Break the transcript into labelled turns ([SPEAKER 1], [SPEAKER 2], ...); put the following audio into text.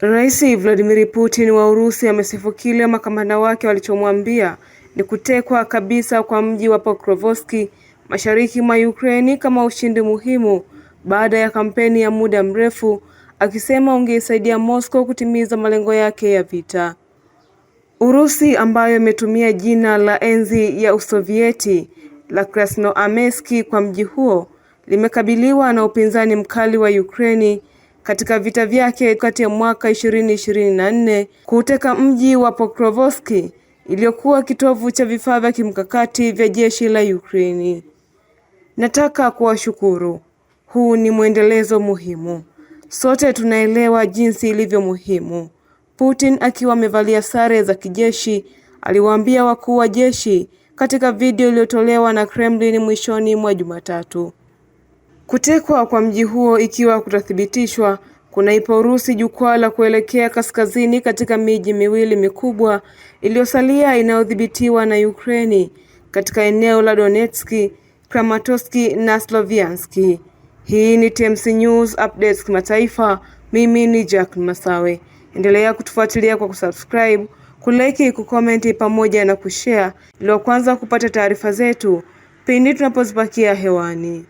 [SPEAKER 1] Rais Vladimir Putin wa Urusi amesifu kile makamanda wake walichomwambia ni kutekwa kabisa kwa mji wa Pokrovsk mashariki mwa Ukraine kama ushindi muhimu baada ya kampeni ya muda mrefu, akisema ungeisaidia Moscow kutimiza malengo yake ya vita. Urusi ambayo imetumia jina la enzi ya Usovieti la Krasnoarmeysk kwa mji huo limekabiliwa na upinzani mkali wa Ukraine katika vita vyake kati ya mwaka ishirini ishirini na nne mji wa Pokrovsk iliyokuwa kitovu cha vifaa vya kimkakati vya jeshi la Ukraini. Nataka kuwashukuru. Huu ni mwendelezo muhimu. Sote tunaelewa jinsi ilivyo muhimu. Putin akiwa amevalia sare za kijeshi aliwaambia wakuu wa jeshi katika video iliyotolewa na Kremlin mwishoni mwa Jumatatu. Kutekwa kwa mji huo ikiwa kutathibitishwa kunaipa Urusi jukwaa la kuelekea kaskazini katika miji miwili mikubwa iliyosalia inayodhibitiwa na Ukraini katika eneo la Donetsk, Kramatorsk na slovianski Hii ni TMC News Updates kimataifa. Mimi ni Jack Masawe. Endelea kutufuatilia kwa kusubscribe, kulike, kukomenti pamoja na kushare ili kwanza kupata taarifa zetu pindi tunapozipakia hewani.